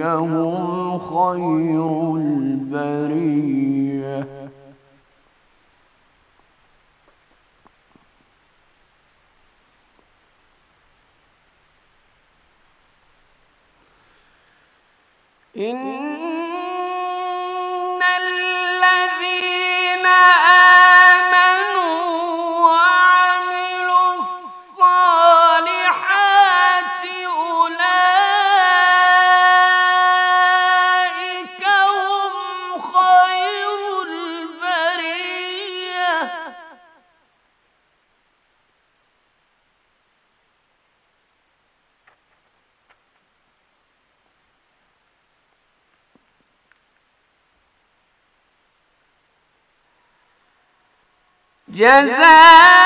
أولئك هم خير البرية إن 现在。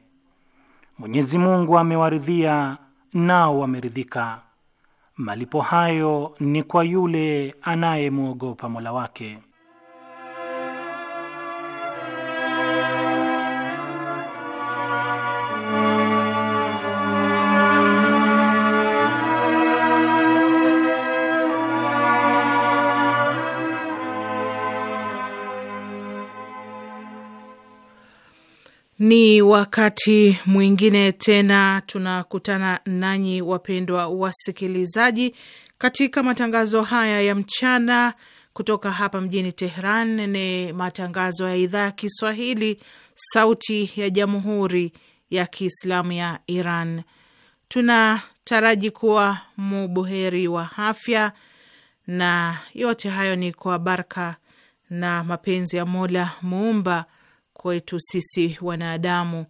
Mwenyezi Mungu amewaridhia nao wameridhika. Malipo hayo ni kwa yule anayemwogopa Mola wake. Ni wakati mwingine tena tunakutana nanyi wapendwa wasikilizaji, katika matangazo haya ya mchana kutoka hapa mjini Tehran. Ni matangazo ya idhaa ya Kiswahili, Sauti ya Jamhuri ya Kiislamu ya Iran. Tunataraji kuwa mubuheri wa afya, na yote hayo ni kwa baraka na mapenzi ya Mola Muumba kwetu sisi wanadamu.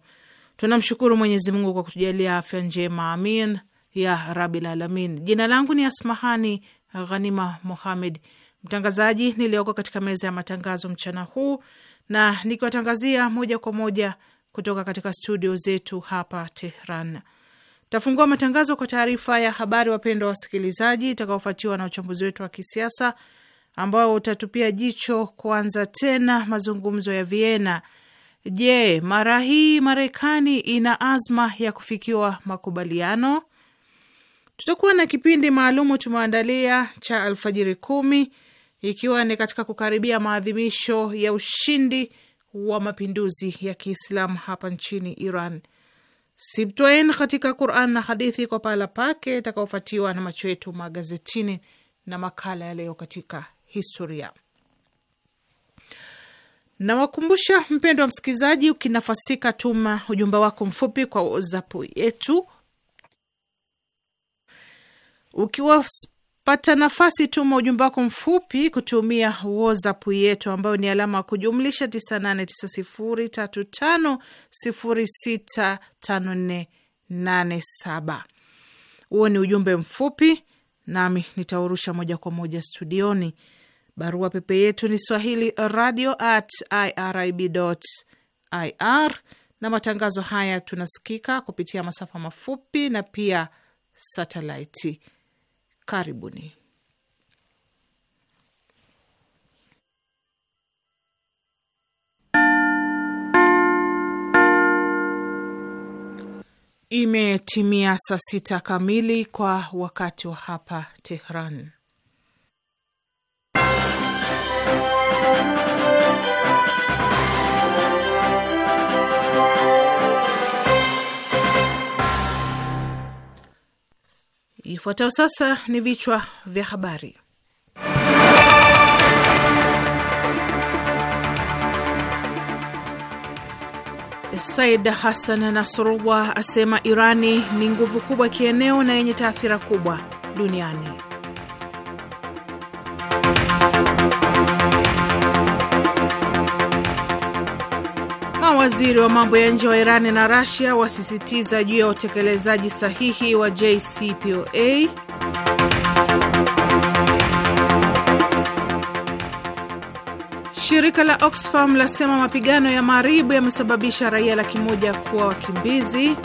Tunamshukuru Mwenyezi Mungu kwa kutujalia afya njema, amin ya rabil alamin. Jina langu ni Asmahani Ghanima Muhamed, mtangazaji niliyoko katika meza ya matangazo mchana huu na nikiwatangazia moja kwa moja kutoka katika studio zetu hapa Tehran. Tafungua matangazo kwa taarifa ya habari, wapendwa wasikilizaji, itakaofuatiwa na uchambuzi wetu wa kisiasa ambao utatupia jicho kuanza tena mazungumzo ya Vienna Je, mara hii Marekani ina azma ya kufikiwa makubaliano? Tutakuwa na kipindi maalumu tumeandalia cha alfajiri kumi, ikiwa ni katika kukaribia maadhimisho ya ushindi wa mapinduzi ya Kiislamu hapa nchini Iran. Sibtwain katika Quran na hadithi kwa pahala pake, itakaofuatiwa na macho yetu magazetini na makala ya leo katika historia. Nawakumbusha mpendo wa msikilizaji, ukinafasika tuma ujumbe wako mfupi kwa WhatsApp yetu. Ukiwapata nafasi, tuma ujumbe wako mfupi kutumia WhatsApp yetu ambayo ni alama ya kujumlisha 989035065487. Huo ni ujumbe mfupi, nami nitaurusha moja kwa moja studioni. Barua pepe yetu ni swahili radio at irib ir, na matangazo haya tunasikika kupitia masafa mafupi na pia satelaiti. Karibuni. Imetimia saa sita kamili kwa wakati wa hapa Tehran. Ifuatayo sasa ni vichwa vya habari. Said Hassan Nasrullah asema Irani ni nguvu kubwa kieneo na yenye taathira kubwa duniani. Mawaziri wa mambo ya nje wa Irani na Rasia wasisitiza juu ya utekelezaji sahihi wa JCPOA. Shirika la Oxfam lasema mapigano ya maribu yamesababisha raia laki moja kuwa wakimbizi.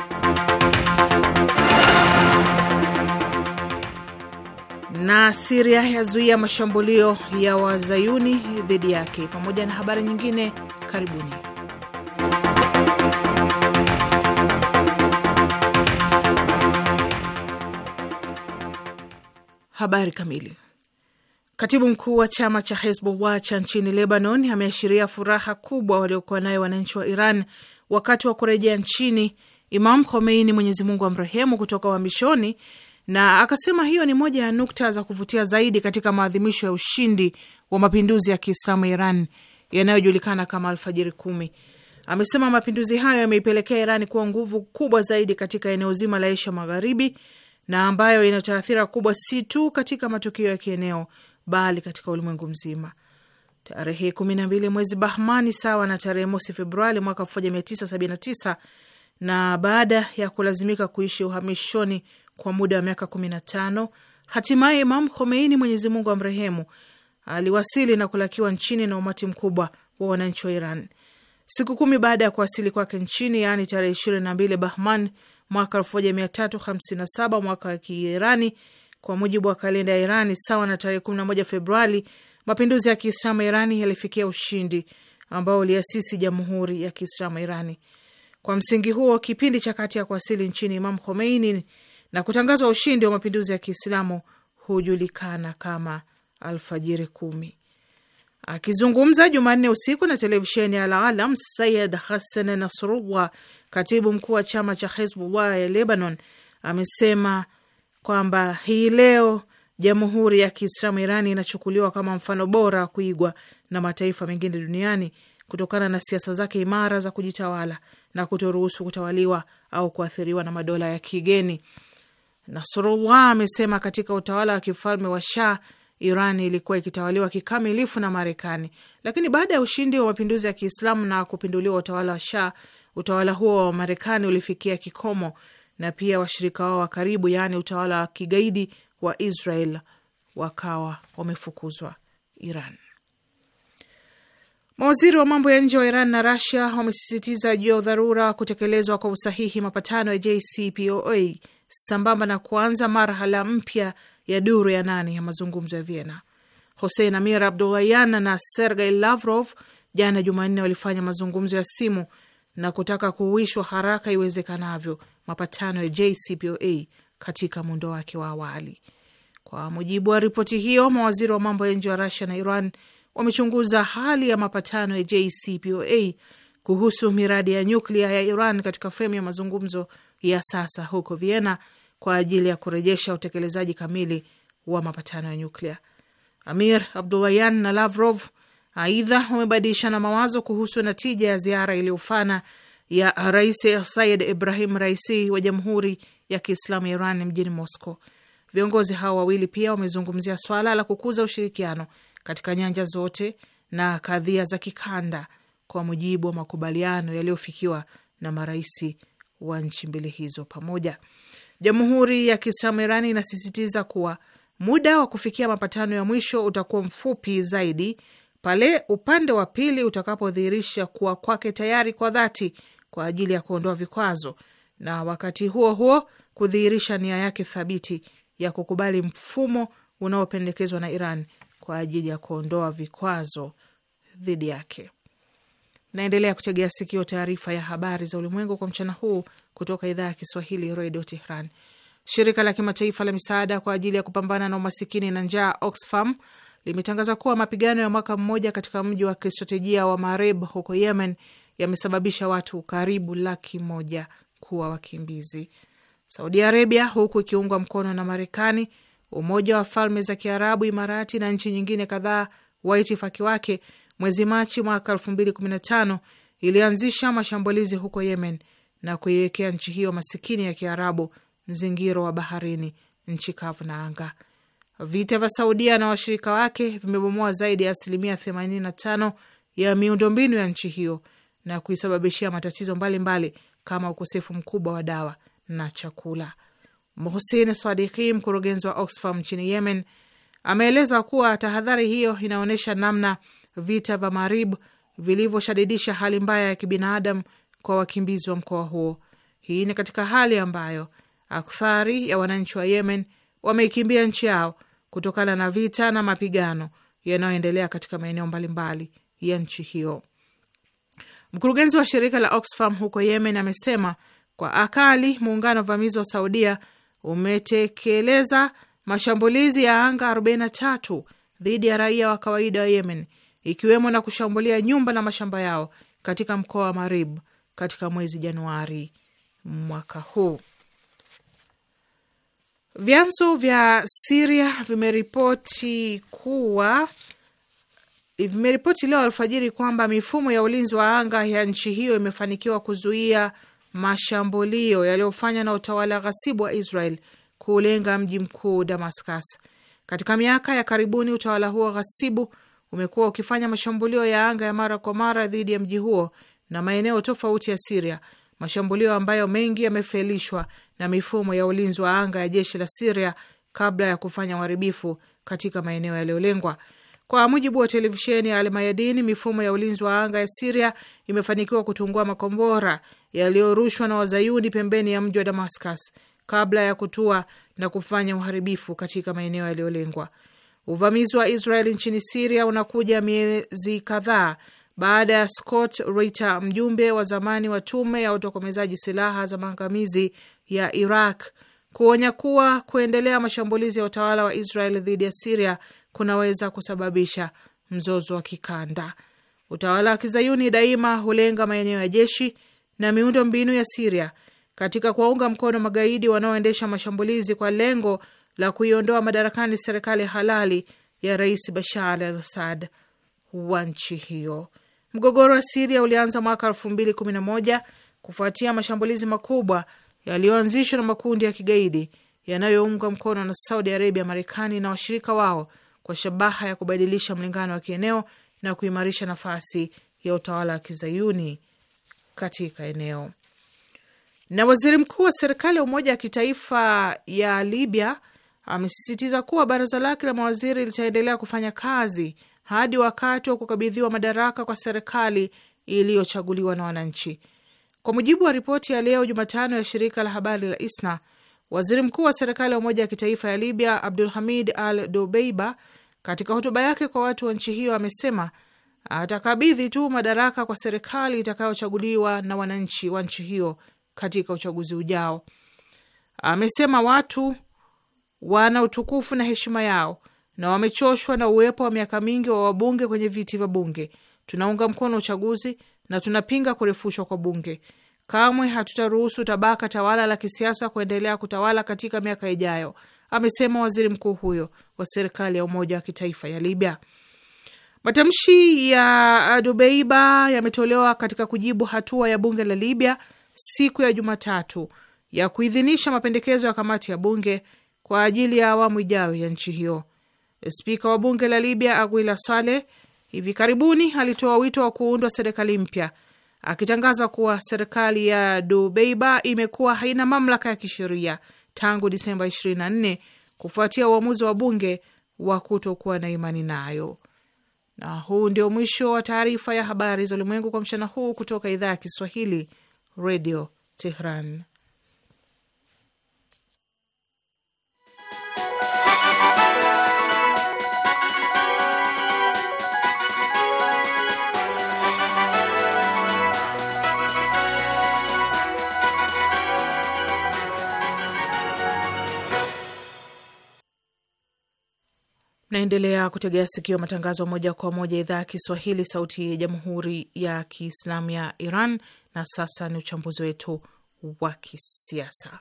Na Siria yazuia mashambulio ya wazayuni dhidi yake, pamoja na habari nyingine. Karibuni. Habari kamili. Katibu mkuu wa chama cha Hezbollah cha nchini Lebanon ameashiria furaha kubwa waliokuwa nayo wananchi wa Iran wakati wa kurejea nchini Imam Khomeini, Mwenyezi Mungu amrehemu, kutoka uhamishoni, na akasema hiyo ni moja ya nukta za kuvutia zaidi katika maadhimisho ya ushindi wa mapinduzi ya Kiislamu Iran yanayojulikana kama Alfajiri Kumi. Amesema mapinduzi hayo yameipelekea Iran kuwa nguvu kubwa zaidi katika eneo zima la Asia Magharibi na ambayo ina taathira kubwa si tu katika matukio ya kieneo bali katika ulimwengu mzima. Tarehe kumi na mbili mwezi Bahmani sawa na tarehe mosi Februari mwaka elfu moja mia tisa sabini na tisa na baada ya kulazimika kuishi uhamishoni kwa muda wa miaka kumi na tano hatimaye Imam Khomeini, Mwenyezi Mungu amrehemu, aliwasili na kulakiwa nchini na umati mkubwa wa wananchi wa Iran. Siku kumi baada ya kuwasili kwake nchini, yaani tarehe ishirini na mbili Bahman mwaka 1357 mwaka wa Kiirani kwa mujibu wa kalenda ya Irani, sawa na tarehe 11 Februari, mapinduzi ya Kiislamu Irani yalifikia ushindi ambao uliasisi jamhuri ya Kiislamu Irani. Kwa msingi huo, kipindi cha kati ya kuasili nchini Imam Khomeini na kutangazwa ushindi wa mapinduzi ya Kiislamu hujulikana kama Alfajiri Kumi. Akizungumza Jumanne usiku na televisheni ya Alalam, Sayid Hassan Nasrullah, katibu mkuu wa chama cha Hezbullah ya Lebanon, amesema kwamba hii leo Jamhuri ya Kiislamu Irani inachukuliwa kama mfano bora wa kuigwa na mataifa mengine duniani kutokana na siasa zake imara za kujitawala na kutoruhusu kutawaliwa au kuathiriwa na madola ya kigeni. Nasrullah amesema katika utawala wa kifalme wa Shah Iran ilikuwa ikitawaliwa kikamilifu na Marekani, lakini baada ya ushindi wa mapinduzi ya Kiislamu na kupinduliwa utawala wa Shah, utawala huo wa Marekani ulifikia kikomo na pia washirika wao wa karibu, yaani utawala wa kigaidi wa Israel wakawa wamefukuzwa Iran. Mawaziri wa mambo ya nje wa Iran na Rasia wamesisitiza juu ya udharura wa kutekelezwa kwa usahihi mapatano ya JCPOA sambamba na kuanza marhala mpya ya duru ya nane ya mazungumzo ya Vienna. Hossein Amir abdulayan na Sergei Lavrov jana Jumanne walifanya mazungumzo ya simu na kutaka kuhuishwa haraka iwezekanavyo mapatano ya JCPOA katika muundo wake wa awali. Kwa mujibu wa ripoti hiyo, mawaziri wa mambo ya nje wa Rusia na Iran wamechunguza hali ya mapatano ya JCPOA kuhusu miradi ya nyuklia ya Iran katika fremu ya mazungumzo ya sasa huko Vienna kwa ajili ya kurejesha utekelezaji kamili wa mapatano ya nyuklia. Amir Abdullayan na Lavrov aidha wamebadilishana mawazo kuhusu natija ya ziara iliyofana ya Rais Sayid Ibrahim Raisi wa Jamhuri ya Kiislamu ya Iran mjini Moscow. Viongozi hao wawili pia wamezungumzia swala la kukuza ushirikiano katika nyanja zote na kadhia za kikanda kwa mujibu wa makubaliano yaliyofikiwa na maraisi wa nchi mbili hizo pamoja Jamhuri ya Kiislamu Irani inasisitiza kuwa muda wa kufikia mapatano ya mwisho utakuwa mfupi zaidi pale upande wa pili utakapodhihirisha kuwa kwake tayari kwa dhati kwa ajili ya kuondoa vikwazo na wakati huo huo kudhihirisha nia yake thabiti ya kukubali mfumo unaopendekezwa na Iran kwa ajili ya kuondoa vikwazo dhidi yake. Naendelea kutegea sikio taarifa ya habari za ulimwengu kwa mchana huu kutoka idhaa ya Kiswahili Redio Tehran. Shirika la kimataifa la misaada kwa ajili ya kupambana na umasikini na njaa Oxfam limetangaza kuwa mapigano ya mwaka mmoja katika mji wa kistratejia wa Mareb huko Yemen yamesababisha watu karibu laki moja kuwa wakimbizi. Saudi Arabia, huku ikiungwa mkono na Marekani, Umoja wa Falme za Kiarabu, Imarati na nchi nyingine kadhaa wa itifaki wake, mwezi Machi mwaka 2015 ilianzisha mashambulizi huko Yemen na kuiwekea nchi hiyo masikini ya Kiarabu mzingiro wa baharini, nchi kavu na anga. Vita vya Saudia na washirika wake vimebomoa zaidi ya asilimia 85 ya miundombinu ya nchi hiyo na kuisababishia matatizo mbalimbali mbali, kama ukosefu mkubwa wa dawa na chakula. Muhsin Sadiki, mkurugenzi wa Oxfam nchini Yemen, ameeleza kuwa tahadhari hiyo inaonyesha namna vita vya Marib vilivyoshadidisha hali mbaya ya kibinadamu kwa wakimbizi wa mkoa huo. Hii ni katika hali ambayo akthari ya wananchi wa Yemen wameikimbia nchi yao kutokana na vita na mapigano yanayoendelea katika maeneo mbalimbali ya nchi hiyo. Mkurugenzi wa shirika la Oxfam huko Yemen amesema kwa akali muungano wa vamizi wa Saudia umetekeleza mashambulizi ya anga 43 dhidi ya raia wa kawaida wa Yemen, ikiwemo na kushambulia nyumba na mashamba yao katika mkoa wa Marib katika mwezi Januari mwaka huu. Vyanzo vya Siria vimeripoti kuwa vimeripoti leo alfajiri kwamba mifumo ya ulinzi wa anga ya nchi hiyo imefanikiwa kuzuia mashambulio yaliyofanywa na utawala ghasibu wa Israel kuulenga mji mkuu Damascus. Katika miaka ya karibuni, utawala huo ghasibu umekuwa ukifanya mashambulio ya anga ya mara kwa mara dhidi ya mji huo na maeneo tofauti ya Siria, mashambulio ambayo mengi yamefelishwa na mifumo ya ulinzi wa anga ya jeshi la Siria kabla ya kufanya uharibifu katika maeneo yaliyolengwa. Kwa mujibu wa televisheni ya Almayadini, mifumo ya ulinzi wa anga ya Siria imefanikiwa kutungua makombora yaliyorushwa na wazayuni pembeni ya mji wa Damascus kabla ya kutua na kufanya uharibifu katika maeneo yaliyolengwa. Uvamizi wa israel nchini Siria unakuja miezi kadhaa baada ya Scott Ritter, mjumbe wa zamani wa tume ya utokomezaji silaha za maangamizi ya Iraq, kuonya kuwa kuendelea mashambulizi ya utawala wa Israel dhidi ya Siria kunaweza kusababisha mzozo wa kikanda. Utawala wa kizayuni daima hulenga maeneo ya jeshi na miundo mbinu ya Siria katika kuwaunga mkono magaidi wanaoendesha mashambulizi kwa lengo la kuiondoa madarakani serikali halali ya Rais Bashar al Assad wa nchi hiyo. Mgogoro wa Siria ulianza mwaka elfu mbili kumi na moja kufuatia mashambulizi makubwa yaliyoanzishwa na makundi ya kigaidi yanayoungwa mkono na Saudi Arabia, Marekani na washirika wao kwa shabaha ya kubadilisha mlingano wa kieneo na kuimarisha nafasi ya utawala wa kizayuni katika eneo. Na waziri mkuu wa serikali ya umoja wa kitaifa ya Libya amesisitiza kuwa baraza lake la mawaziri litaendelea kufanya kazi hadi wakati wa kukabidhiwa madaraka kwa serikali iliyochaguliwa na wananchi. Kwa mujibu wa ripoti ya leo Jumatano ya shirika la habari la ISNA, waziri mkuu wa serikali ya umoja ya kitaifa ya Libya Abdul Hamid Al dobeiba katika hotuba yake kwa watu wa nchi hiyo, amesema atakabidhi tu madaraka kwa serikali itakayochaguliwa na wananchi wa nchi hiyo katika uchaguzi ujao. Amesema watu wana utukufu na heshima yao na wamechoshwa na uwepo wa miaka mingi wa wabunge kwenye viti vya bunge. Tunaunga mkono uchaguzi na tunapinga kurefushwa kwa bunge. Kamwe hatutaruhusu tabaka tawala la kisiasa kuendelea kutawala katika miaka ijayo, amesema waziri mkuu huyo wa serikali ya umoja wa kitaifa ya Libya. Matamshi ya Dubeiba yametolewa katika kujibu hatua ya bunge la Libya siku ya Jumatatu ya kuidhinisha mapendekezo ya kamati ya bunge kwa ajili ya awamu ijayo ya nchi hiyo. Spika wa bunge la Libya Aguila Sale hivi karibuni alitoa wito wa kuundwa serikali mpya akitangaza kuwa serikali ya Dubeiba imekuwa haina mamlaka ya kisheria tangu Disemba 24 kufuatia uamuzi wa bunge wa kutokuwa na imani nayo. Na huu ndio mwisho wa taarifa ya habari za ulimwengu kwa mchana huu kutoka idhaa ya Kiswahili, Radio Tehran. Naendelea kutegea sikio matangazo moja kwa moja idhaa ya Kiswahili, sauti ya jamhuri ya kiislamu ya Iran. Na sasa ni uchambuzi wetu wa kisiasa.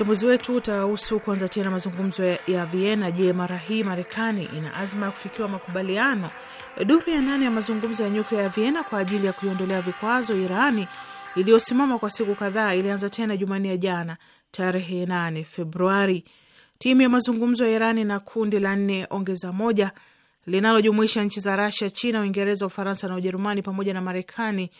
Uchambuzi wetu utahusu kuanza tena mazungumzo ya Vienna. Je, mara hii Marekani ina azma ya kufikiwa makubaliano? Duru ya nane ya mazungumzo ya nyuklia ya Vienna kwa ajili ya kuiondolea vikwazo Irani iliyosimama kwa siku kadhaa ilianza tena Jumanne ya jana tarehe 8 Februari. Timu ya mazungumzo ya Irani na kundi la nne ongeza moja linalojumuisha nchi za Rasia, China, Uingereza, Ufaransa na Ujerumani pamoja na Marekani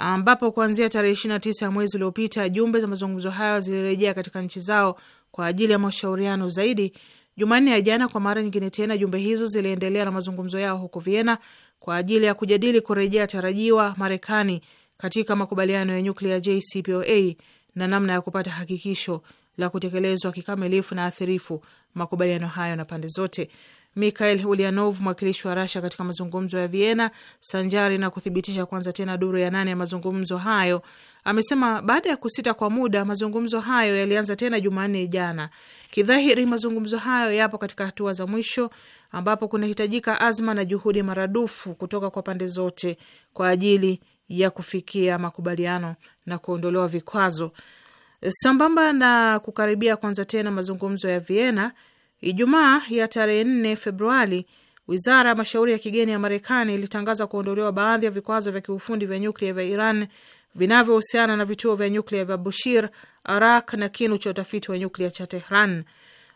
ambapo kuanzia tarehe tisa ya mwezi uliopita jumbe za mazungumzo hayo zilirejea katika nchi zao kwa ajili ya mashauriano zaidi. Jumanne ya jana, kwa mara nyingine tena, jumbe hizo ziliendelea na mazungumzo yao huko Vienna kwa ajili ya kujadili kurejea tarajiwa Marekani katika makubaliano ya nyuklia JCPOA na namna ya kupata hakikisho la kutekelezwa kikamilifu na athirifu makubaliano hayo na pande zote. Mikhail ulianov mwakilishi wa Rasha katika mazungumzo ya Vienna, sanjari na kuthibitisha kwanza tena duru ya nane ya mazungumzo hayo, amesema baada ya kusita kwa muda, mazungumzo hayo yalianza tena Jumanne jana. Kidhahiri, mazungumzo hayo yapo katika hatua za mwisho ambapo kunahitajika azma na juhudi maradufu kutoka kwa pande zote kwa ajili ya kufikia makubaliano na kuondolewa vikwazo. Sambamba na kukaribia kwanza tena mazungumzo ya Vienna, Ijumaa ya tarehe 4 Februari, wizara ya mashauri ya kigeni ya Marekani ilitangaza kuondolewa baadhi ya vikwazo vya kiufundi vya nyuklia vya Iran vinavyohusiana na vituo vya nyuklia vya Bushir, Arak na kinu cha utafiti wa nyuklia cha Tehran.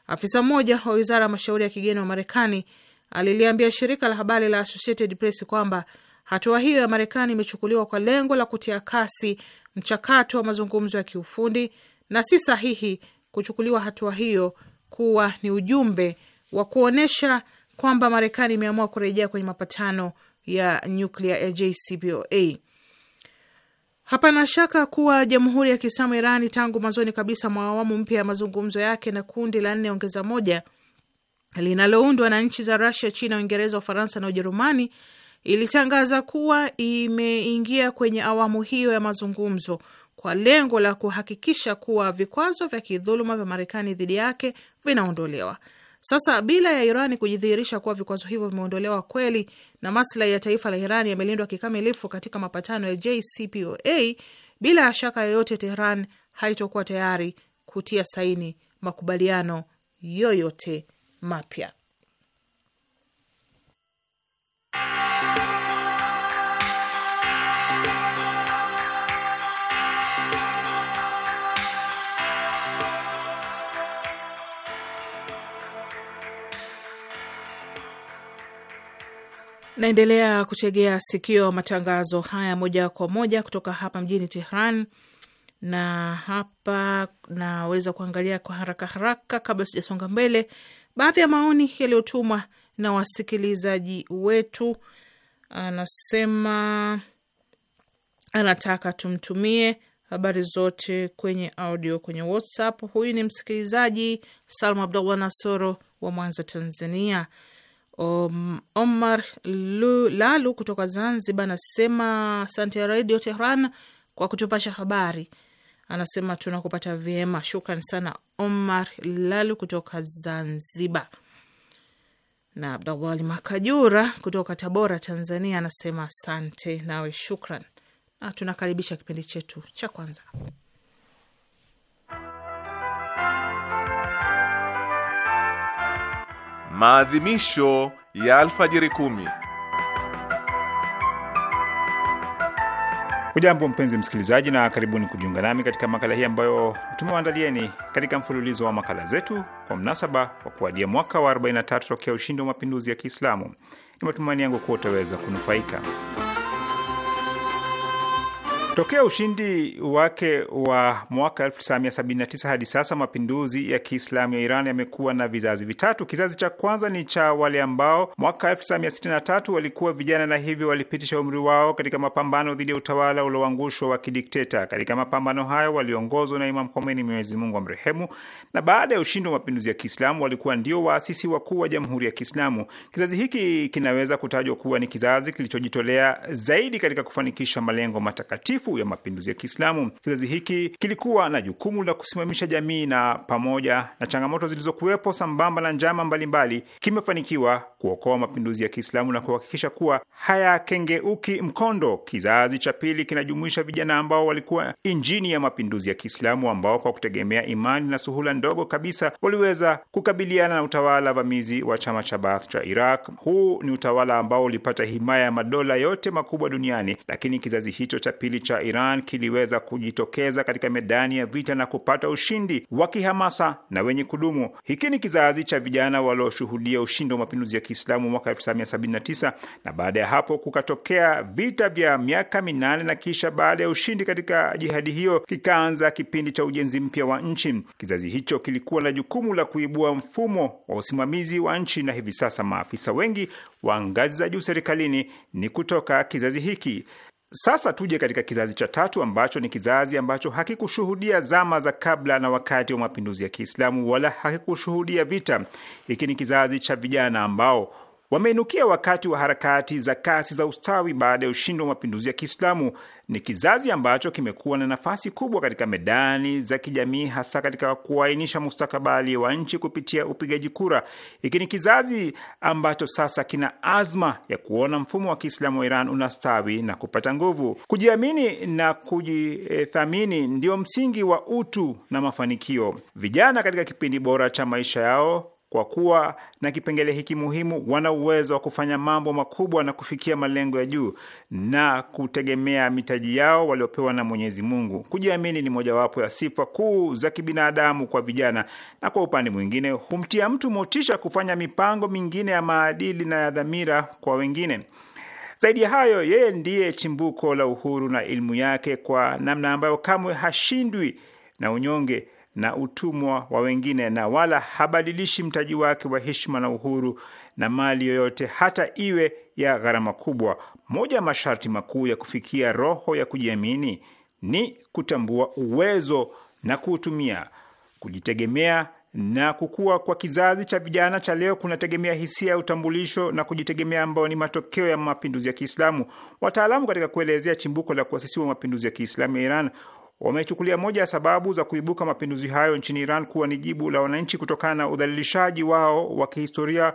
Afisa mmoja wa wizara ya mashauri ya kigeni wa Marekani aliliambia shirika la habari la Associated Press kwamba hatua hiyo ya Marekani imechukuliwa kwa lengo la kutia kasi mchakato wa mazungumzo ya kiufundi na si sahihi kuchukuliwa hatua hiyo kuwa ni ujumbe wa kuonyesha kwamba Marekani imeamua kurejea kwenye mapatano ya nyuklia ya JCPOA. Hapana shaka kuwa Jamhuri ya Kiislamu Irani tangu mwanzoni kabisa mwa awamu mpya ya mazungumzo yake na kundi la nne ongeza moja linaloundwa na nchi za Rusia, China, Uingereza, Ufaransa na Ujerumani ilitangaza kuwa imeingia kwenye awamu hiyo ya mazungumzo kwa lengo la kuhakikisha kuwa vikwazo vya kidhuluma vya Marekani dhidi yake vinaondolewa. Sasa bila ya Irani kujidhihirisha kuwa vikwazo hivyo vimeondolewa kweli na maslahi ya taifa la Irani yamelindwa kikamilifu katika mapatano ya JCPOA, bila ya shaka yoyote Tehran haitokuwa tayari kutia saini makubaliano yoyote mapya. Naendelea kuchegea sikio matangazo haya moja kwa moja kutoka hapa mjini Tehran, na hapa naweza kuangalia kwa haraka haraka kabla sijasonga mbele baadhi ya maoni yaliyotumwa na wasikilizaji wetu. Anasema anataka tumtumie habari zote kwenye audio kwenye WhatsApp. Huyu ni msikilizaji Salma Abdullah Nasoro wa Mwanza, Tanzania. Omar Lalu kutoka Zanzibar anasema asante ya Redio Tehran kwa kutupasha habari. Anasema tunakupata vyema, shukran sana Omar Lalu kutoka Zanzibar. Na Abdallah Makajura kutoka Tabora, Tanzania anasema asante nawe shukran, na tunakaribisha kipindi chetu cha kwanza. Maadhimisho ya alfajiri kumi. Hujambo mpenzi msikilizaji, na karibuni kujiunga nami katika makala hii ambayo tumewaandalieni katika mfululizo wa makala zetu kwa mnasaba wa kuadia mwaka wa 43 tokea ushindi wa mapinduzi ya Kiislamu. Ni matumaini yangu kuwa utaweza kunufaika. Tokea ushindi wake wa mwaka 1979 hadi sasa, mapinduzi ya Kiislamu ya Iran yamekuwa na vizazi vitatu. Kizazi cha kwanza ni cha wale ambao mwaka 1963 walikuwa vijana na hivyo walipitisha umri wao katika mapambano dhidi ya utawala ulioangushwa wa kidikteta. Katika mapambano hayo waliongozwa na Imam Khomeini, Mwenyezi Mungu amrehemu, na baada ya ushindi wa mapinduzi ya Kiislamu walikuwa ndio waasisi wakuu wa Jamhuri ya Kiislamu. Kizazi hiki kinaweza kutajwa kuwa ni kizazi kilichojitolea zaidi katika kufanikisha malengo matakatifu Takatifu ya Mapinduzi ya Kiislamu. Kizazi hiki kilikuwa na jukumu la kusimamisha jamii na pamoja na changamoto zilizokuwepo sambamba na njama mbalimbali, kimefanikiwa kuokoa mapinduzi ya Kiislamu na kuhakikisha kuwa hayakengeuki mkondo. Kizazi cha pili kinajumuisha vijana ambao walikuwa injini ya mapinduzi ya Kiislamu, ambao kwa kutegemea imani na suhula ndogo kabisa waliweza kukabiliana na utawala vamizi wa chama cha Baath cha Iraq. Huu ni utawala ambao ulipata himaya ya madola yote makubwa duniani, lakini kizazi hicho cha pili cha Iran kiliweza kujitokeza katika medani ya vita na kupata ushindi wa kihamasa na wenye kudumu. Hiki ni kizazi cha vijana walioshuhudia ushindi wa mapinduzi ya Kiislamu mwaka 1979 na baada ya hapo kukatokea vita vya miaka minane na kisha baada ya ushindi katika jihadi hiyo kikaanza kipindi cha ujenzi mpya wa nchi. Kizazi hicho kilikuwa na jukumu la kuibua mfumo wa usimamizi wa nchi, na hivi sasa maafisa wengi wa ngazi za juu serikalini ni kutoka kizazi hiki. Sasa tuje katika kizazi cha tatu ambacho ni kizazi ambacho hakikushuhudia zama za kabla na wakati wa mapinduzi ya Kiislamu wala hakikushuhudia vita. Hiki ni kizazi cha vijana ambao wameinukia wakati wa harakati za kasi za ustawi baada ya ushindi wa mapinduzi ya Kiislamu. Ni kizazi ambacho kimekuwa na nafasi kubwa katika medani za kijamii, hasa katika kuainisha mustakabali wa nchi kupitia upigaji kura. Hiki ni kizazi ambacho sasa kina azma ya kuona mfumo wa Kiislamu wa Iran unastawi na kupata nguvu. Kujiamini na kujithamini ndio msingi wa utu na mafanikio. Vijana katika kipindi bora cha maisha yao kwa kuwa na kipengele hiki muhimu, wana uwezo wa kufanya mambo makubwa na kufikia malengo ya juu na kutegemea mitaji yao waliopewa na Mwenyezi Mungu. Kujiamini ni mojawapo ya sifa kuu za kibinadamu kwa vijana, na kwa upande mwingine humtia mtu motisha kufanya mipango mingine ya maadili na ya dhamira kwa wengine. Zaidi ya hayo, yeye ndiye chimbuko la uhuru na elimu yake, kwa namna ambayo kamwe hashindwi na unyonge na utumwa wa wengine na wala habadilishi mtaji wake wa heshima na uhuru na mali yoyote hata iwe ya gharama kubwa. Moja ya masharti makuu ya kufikia roho ya kujiamini ni kutambua uwezo na kuutumia. Kujitegemea na kukua kwa kizazi cha vijana cha leo kunategemea hisia ya utambulisho na kujitegemea ambayo ni matokeo ya mapinduzi ya Kiislamu. Wataalamu katika kuelezea chimbuko la kuasisiwa mapinduzi ya Kiislamu ya Iran wamechukulia moja ya sababu za kuibuka mapinduzi hayo nchini Iran kuwa ni jibu la wananchi kutokana na udhalilishaji wao wa kihistoria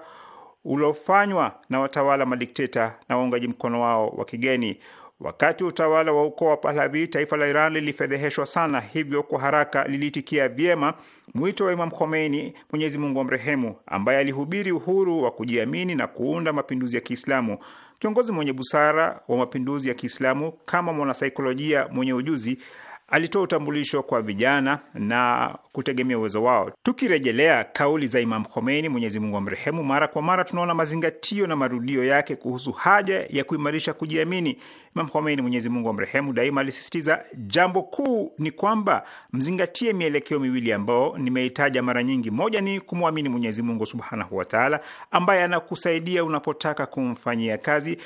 uliofanywa na watawala madikteta na waungaji mkono wao wa kigeni. Wakati wa utawala wa ukoo wa Pahlavi, taifa la Iran lilifedheheshwa sana, hivyo kwa haraka liliitikia vyema mwito wa Imam Khomeini, Mwenyezi Mungu amrehemu, ambaye alihubiri uhuru wa kujiamini na kuunda mapinduzi ya Kiislamu. Kiongozi mwenye busara wa mapinduzi ya Kiislamu, kama mwanasaikolojia mwenye ujuzi alitoa utambulisho kwa vijana na kutegemea uwezo wao. Tukirejelea kauli za Imam Khomeini, Mwenyezi Mungu amrehemu, mara kwa mara tunaona mazingatio na marudio yake kuhusu haja ya kuimarisha kujiamini. Imam Khomeini, Mwenyezi Mungu amrehemu, daima alisisitiza jambo kuu ni kwamba mzingatie mielekeo miwili ambao nimeitaja mara nyingi. Moja ni kumwamini Mwenyezi Mungu subhanahu wataala, ambaye anakusaidia unapotaka kumfanyia kazi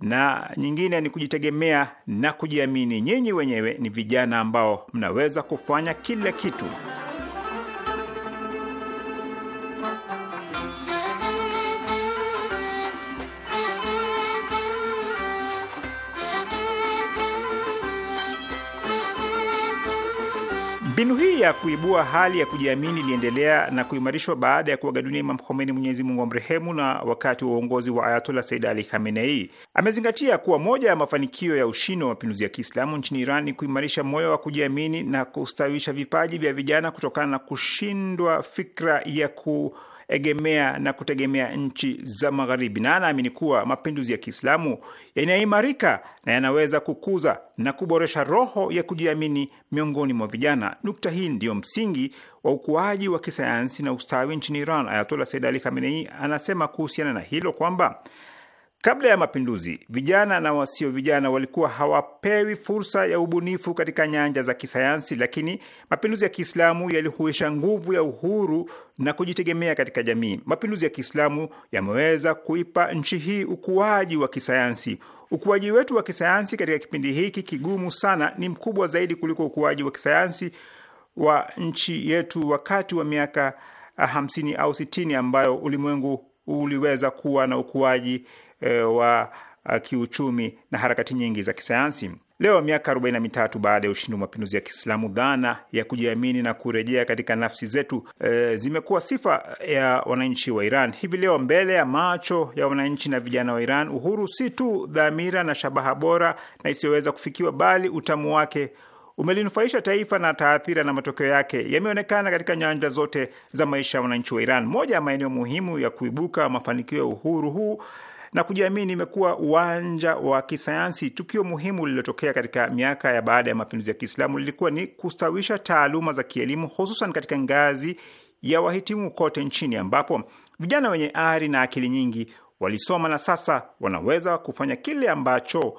na nyingine ni kujitegemea na kujiamini. Nyinyi wenyewe ni vijana ambao mnaweza kufanya kila kitu. Mbinu hii ya kuibua hali ya kujiamini iliendelea na kuimarishwa baada ya kuaga dunia Imam Khomeini, Mwenyezi Mungu amrehemu, na wakati wa uongozi wa Ayatollah Said Ali Khamenei. Amezingatia kuwa moja ya mafanikio ya ushindi wa mapinduzi ya Kiislamu nchini Iran ni kuimarisha moyo wa kujiamini na kustawisha vipaji vya vijana kutokana na kushindwa fikra ya ku egemea na kutegemea nchi za Magharibi, na anaamini kuwa mapinduzi ya Kiislamu yanaimarika na yanaweza kukuza na kuboresha roho ya kujiamini miongoni mwa vijana. Nukta hii ndiyo msingi wa ukuaji wa kisayansi na ustawi nchini Iran. Ayatola Said Ali Khamenei anasema kuhusiana na hilo kwamba Kabla ya mapinduzi, vijana na wasio vijana walikuwa hawapewi fursa ya ubunifu katika nyanja za kisayansi, lakini mapinduzi ya Kiislamu yalihuisha nguvu ya uhuru na kujitegemea katika jamii. Mapinduzi ya Kiislamu yameweza kuipa nchi hii ukuaji wa kisayansi. Ukuaji wetu wa kisayansi katika kipindi hiki kigumu sana ni mkubwa zaidi kuliko ukuaji wa kisayansi wa nchi yetu wakati wa miaka hamsini au sitini ambayo ulimwengu uliweza kuwa na ukuaji E, wa kiuchumi na harakati nyingi za kisayansi. Leo miaka arobaini na mitatu baada ya ushindi wa mapinduzi ya Kiislamu, dhana ya kujiamini na kurejea katika nafsi zetu e, zimekuwa sifa ya wananchi wa Iran. Hivi leo mbele ya macho ya wananchi na vijana wa Iran, uhuru si tu dhamira na shabaha bora na isiyoweza kufikiwa, bali utamu wake umelinufaisha taifa na taathira na matokeo yake yameonekana katika nyanja zote za maisha ya wananchi wa Iran. Moja ya maeneo muhimu ya kuibuka mafanikio ya uhuru huu na kujiamini imekuwa uwanja wa kisayansi. Tukio muhimu lililotokea katika miaka ya baada ya mapinduzi ya Kiislamu lilikuwa ni kustawisha taaluma za kielimu, hususan katika ngazi ya wahitimu kote nchini, ambapo vijana wenye ari na akili nyingi walisoma na sasa wanaweza kufanya kile ambacho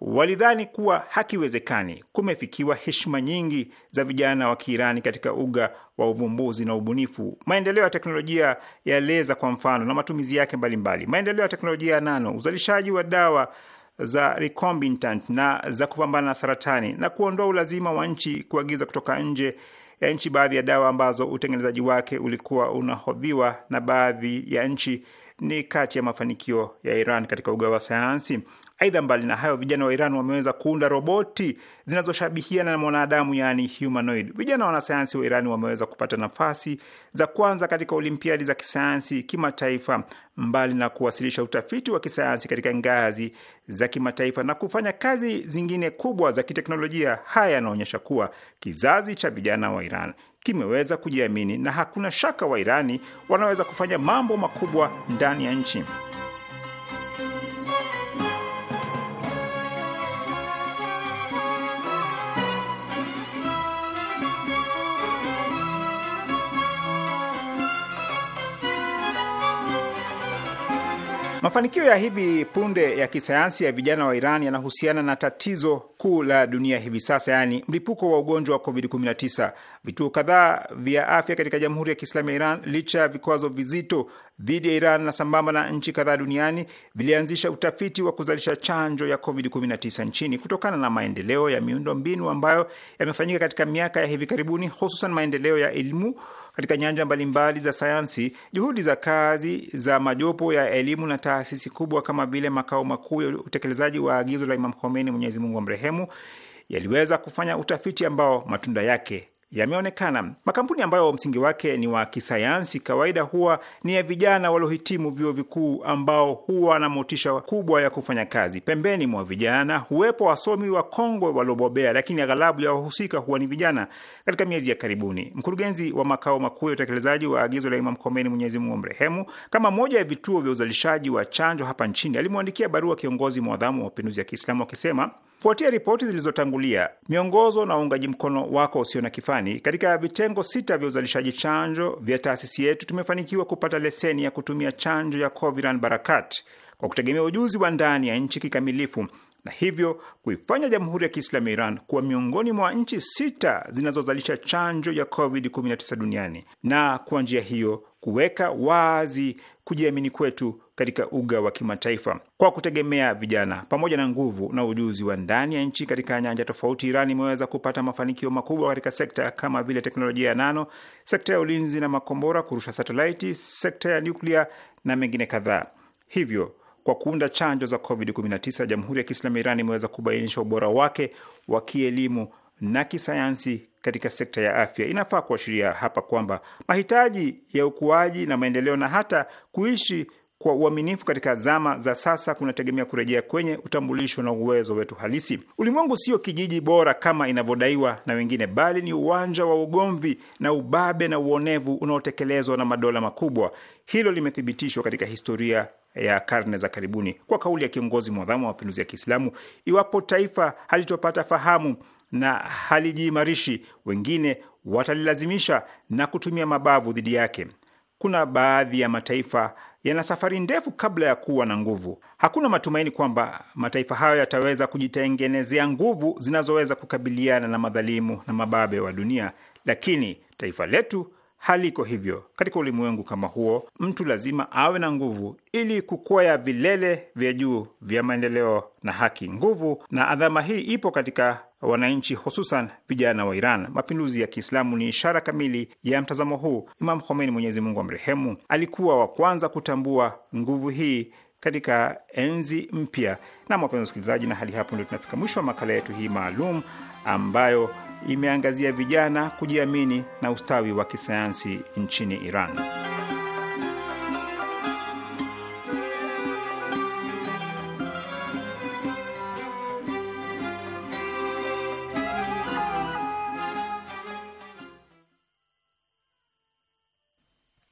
walidhani kuwa hakiwezekani. Kumefikiwa heshima nyingi za vijana wa Kiirani katika uga wa uvumbuzi na ubunifu. Maendeleo ya teknolojia ya leza kwa mfano na matumizi yake mbalimbali, maendeleo ya teknolojia ya nano, uzalishaji wa dawa za recombinant na za kupambana na saratani na kuondoa ulazima wa nchi kuagiza kutoka nje ya nchi baadhi ya dawa ambazo utengenezaji wake ulikuwa unahodhiwa na baadhi ya nchi ni kati ya mafanikio ya Iran katika uga wa sayansi. Aidha, mbali na hayo, vijana wa Iran wameweza kuunda roboti zinazoshabihiana na mwanadamu, yaani humanoid. Vijana wanasayansi wa Iran wameweza kupata nafasi za kwanza katika olimpiadi za kisayansi kimataifa, mbali na kuwasilisha utafiti wa kisayansi katika ngazi za kimataifa na kufanya kazi zingine kubwa za kiteknolojia. Haya yanaonyesha kuwa kizazi cha vijana wa Iran kimeweza kujiamini na hakuna shaka Wairani wanaweza kufanya mambo makubwa ndani ya nchi. Mafanikio ya hivi punde ya kisayansi ya vijana wa Iran yanahusiana na tatizo kuu la dunia hivi sasa, yaani mlipuko wa ugonjwa wa COVID-19. Vituo kadhaa vya afya katika Jamhuri ya Kiislamu ya Iran, licha ya vikwazo vizito dhidi ya Iran na sambamba na nchi kadhaa duniani vilianzisha utafiti wa kuzalisha chanjo ya COVID-19 nchini. Kutokana na maendeleo ya miundo mbinu ambayo yamefanyika katika miaka ya hivi karibuni, hususan maendeleo ya elimu katika nyanja mbalimbali za sayansi, juhudi za kazi za majopo ya elimu na taasisi kubwa kama vile makao makuu ya utekelezaji wa agizo la Imam Khomeini, Mwenyezi Mungu amrehemu, yaliweza kufanya utafiti ambao matunda yake yameonekana. Makampuni ambayo msingi wake ni wa kisayansi kawaida huwa ni ya vijana waliohitimu vyuo vikuu ambao huwa na motisha kubwa ya kufanya kazi. Pembeni mwa vijana huwepo wasomi wakongwe waliobobea, lakini aghalabu ya wahusika huwa ni vijana. Katika miezi ya karibuni, mkurugenzi wa makao makuu ya utekelezaji wa agizo la Imam Khomeini, Mwenyezi Mungu amrehemu, kama moja ya vituo vya uzalishaji wa chanjo hapa nchini, alimwandikia barua kiongozi mwadhamu wa mapinduzi ya Kiislamu akisema, fuatia ripoti zilizotangulia, miongozo na uungaji mkono wako usio na kifani Marekani. Katika vitengo sita vya uzalishaji chanjo vya taasisi yetu tumefanikiwa kupata leseni ya kutumia chanjo ya Coviran Barakat kwa kutegemea ujuzi wa ndani ya nchi kikamilifu na hivyo kuifanya Jamhuri ya Kiislamu ya Iran kuwa miongoni mwa nchi sita zinazozalisha chanjo ya COVID-19 duniani na kwa njia hiyo kuweka wazi kujiamini kwetu katika uga wa kimataifa kwa kutegemea vijana pamoja na nguvu na ujuzi wa ndani ya nchi katika nyanja tofauti. Iran imeweza kupata mafanikio makubwa katika sekta kama vile teknolojia ya nano, sekta ya ulinzi na makombora, kurusha satelaiti, sekta ya nyuklia na mengine kadhaa. Hivyo kwa kuunda chanjo za COVID-19, Jamhuri ya Kiislamu ya Iran imeweza kubainisha ubora wake wa kielimu na kisayansi katika sekta ya afya. Inafaa kuashiria hapa kwamba mahitaji ya ukuaji na maendeleo na hata kuishi kwa uaminifu katika zama za sasa kunategemea kurejea kwenye utambulisho na uwezo wetu halisi. Ulimwengu sio kijiji bora kama inavyodaiwa na wengine, bali ni uwanja wa ugomvi na ubabe na uonevu unaotekelezwa na madola makubwa. Hilo limethibitishwa katika historia ya karne za karibuni, kwa kauli ya kiongozi mwadhamu wa mapinduzi ya Kiislamu, iwapo taifa halitopata fahamu na halijiimarishi, wengine watalilazimisha na kutumia mabavu dhidi yake. Kuna baadhi ya mataifa yana safari ndefu kabla ya kuwa na nguvu. Hakuna matumaini kwamba mataifa hayo yataweza kujitengenezea nguvu zinazoweza kukabiliana na madhalimu na mababe wa dunia, lakini taifa letu haliko hivyo. Katika ulimwengu kama huo, mtu lazima awe na nguvu ili kukwea vilele vya juu vya maendeleo na haki. Nguvu na adhama hii ipo katika wananchi, hususan vijana wa Iran. Mapinduzi ya Kiislamu ni ishara kamili ya mtazamo huu. Imam Khomeini, Mwenyezi Mungu amrehemu, alikuwa wa kwanza kutambua nguvu hii katika enzi mpya. Na wapenzi wasikilizaji, na hali hapo ndio tunafika mwisho wa makala yetu hii maalum ambayo imeangazia vijana kujiamini na ustawi wa kisayansi nchini Iran.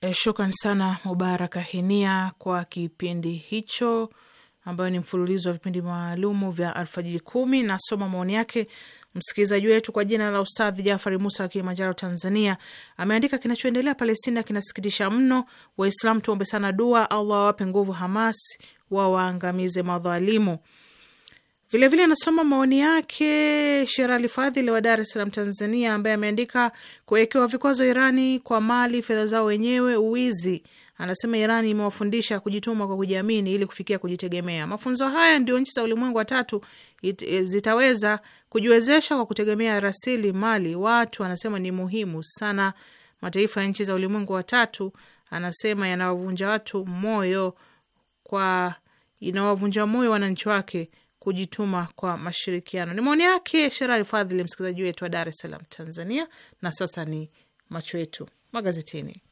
Eh, shukran sana Mubaraka Hinia kwa kipindi hicho ambayo ni mfululizo wa vipindi maalumu vya alfajiri kumi. Nasoma maoni yake msikilizaji wetu kwa jina la Ustadhi Jafari Musa wa Kilimanjaro, Tanzania. Ameandika, kinachoendelea Palestina kinasikitisha mno. Waislamu tuombe sana dua, Allah wawape nguvu Hamas, wawaangamize madhalimu. Vilevile anasoma maoni yake Sherali Fadhili wa Dar es Salaam, Tanzania, ambaye ameandika kuwekewa vikwazo Irani kwa mali, fedha zao wenyewe, uwizi Anasema Iran imewafundisha kujituma kwa kujiamini ili kufikia kujitegemea. Mafunzo haya ndio nchi za ulimwengu wa tatu e, zitaweza kujiwezesha kwa kutegemea rasili mali watu, anasema ni muhimu sana. Mataifa ya nchi za ulimwengu wa tatu, anasema yanawavunja watu moyo kwa inawavunja moyo wananchi wake kujituma kwa mashirikiano. Ni maoni yake Sherali Fadhili, msikilizaji wetu wa Dar es Salaam, Tanzania. Na sasa ni macho yetu magazetini.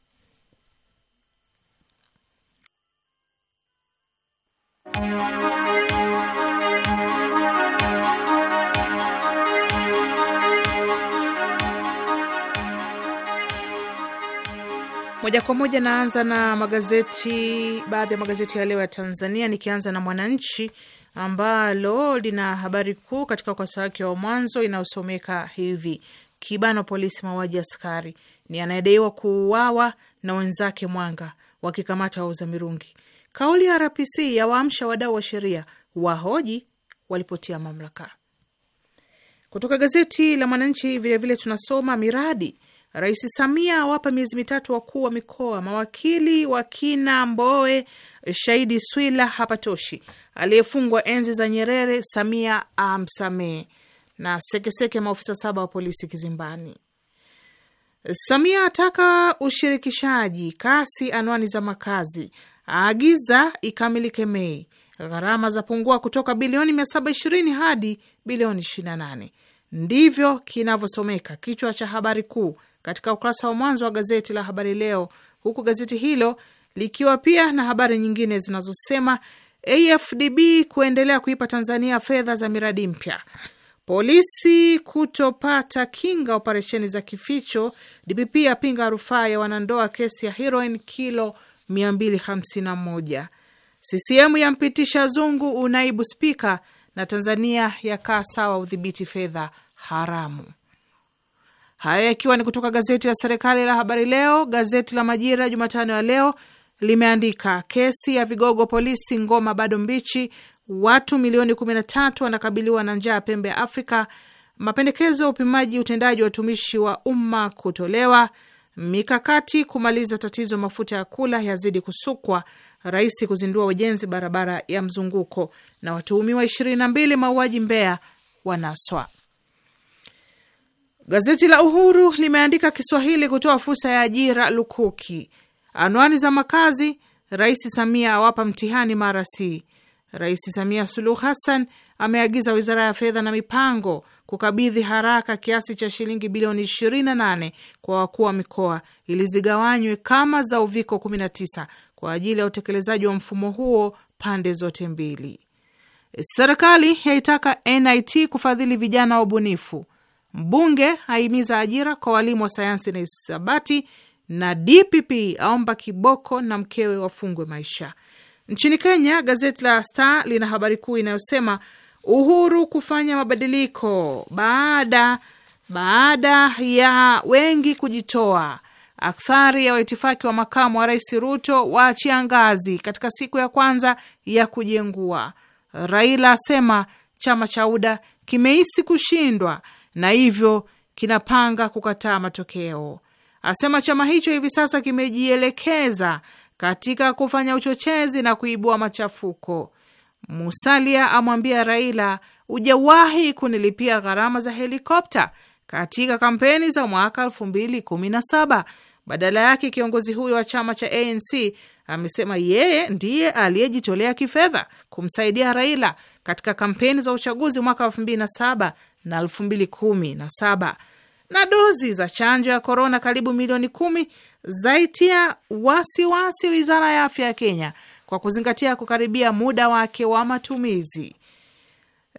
Moja kwa moja naanza na magazeti, baadhi ya magazeti ya leo ya Tanzania, nikianza na Mwananchi ambalo lina habari kuu katika ukurasa wake wa mwanzo inayosomeka hivi: Kibano polisi mauaji askari, ni anayedaiwa kuuawa na wenzake Mwanga wakikamata wauza mirungi. Kauli ya RPC ya waamsha wadau wa sheria wahoji walipotia mamlaka. Kutoka gazeti la Mwananchi vilevile vile tunasoma miradi Rais Samia awapa miezi mitatu wakuu wa mikoa, mawakili wa kina Mbowe, shahidi Swila hapatoshi, aliyefungwa enzi za Nyerere Samia amsamee na sekeseke maofisa saba wa polisi kizimbani. Samia ataka ushirikishaji kasi anwani za makazi, aagiza ikamilike Mei, gharama za pungua kutoka bilioni 720 hadi bilioni 28. Ndivyo kinavyosomeka kichwa cha habari kuu katika ukurasa wa mwanzo wa gazeti la Habari Leo, huku gazeti hilo likiwa pia na habari nyingine zinazosema AFDB kuendelea kuipa Tanzania fedha za miradi mpya, polisi kutopata kinga operesheni za kificho, DPP yapinga rufaa ya wanandoa kesi ya heroin kilo 251. CCM yampitisha Zungu unaibu spika, na Tanzania yakaa sawa udhibiti fedha haramu. Haya yakiwa ni kutoka gazeti la serikali la Habari Leo. Gazeti la Majira Jumatano ya leo limeandika kesi ya vigogo polisi ngoma bado mbichi, watu milioni 13 wanakabiliwa na njaa pembe ya Afrika, mapendekezo ya upimaji utendaji wa watumishi wa umma kutolewa Mikakati kumaliza tatizo mafuta ya kula yazidi kusukwa. Rais kuzindua ujenzi barabara ya mzunguko, na watuhumiwa mbili mauaji Mbeya wanaswa. Gazeti la Uhuru limeandika Kiswahili kutoa fursa ya ajira lukuki. Anwani za makazi: Rais Samia awapa mtihani marasi. Rais Samia Suluhu Hassan ameagiza wizara ya fedha na mipango kukabidhi haraka kiasi cha shilingi bilioni 28 kwa wakuu wa mikoa ili zigawanywe kama za uviko 19 kwa ajili ya utekelezaji wa mfumo huo pande zote mbili. Serikali yaitaka NIT kufadhili vijana wa ubunifu Mbunge ahimiza ajira kwa walimu wa sayansi na hisabati, na DPP aomba kiboko na mkewe wafungwe maisha. Nchini Kenya, gazeti la Star lina habari kuu inayosema Uhuru kufanya mabadiliko baada baada ya wengi kujitoa. Akthari ya waitifaki wa makamu wa rais Ruto waachia ngazi katika siku ya kwanza ya kujengua. Raila asema chama cha UDA kimehisi kushindwa na hivyo kinapanga kukataa matokeo. Asema chama hicho hivi sasa kimejielekeza katika kufanya uchochezi na kuibua machafuko. Musalia amwambia Raila, ujawahi kunilipia gharama za helikopta katika kampeni za mwaka 2017. Badala yake kiongozi huyo wa chama cha ANC amesema yeye ndiye aliyejitolea kifedha kumsaidia Raila katika kampeni za uchaguzi mwaka 2007 na 2017. Na dozi za chanjo ya korona karibu milioni kumi zaitia wasiwasi wizara ya afya ya Kenya kwa kuzingatia kukaribia muda wake wa matumizi.